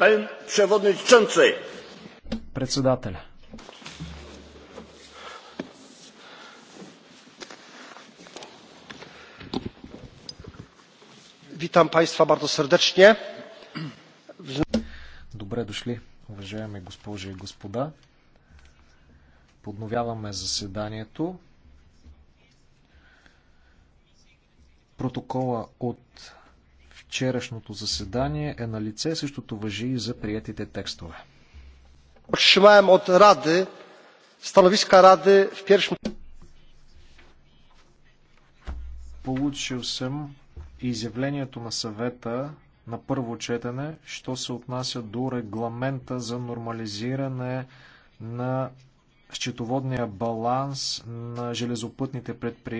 Пен Председателя. Witam Państwa bardzo serdecznie. Добре дошли, уважаеми госпожи и господа. Подновяваме заседанието. Протокола от вчерашното заседание е на лице, същото въжи и за приятите текстове. Otrzymałem от Rady становиска Rady в pierwszym. Получил съм изявлението на съвета на първо четене, що се отнася до регламента за нормализиране на счетоводния баланс на железопътните предприятия.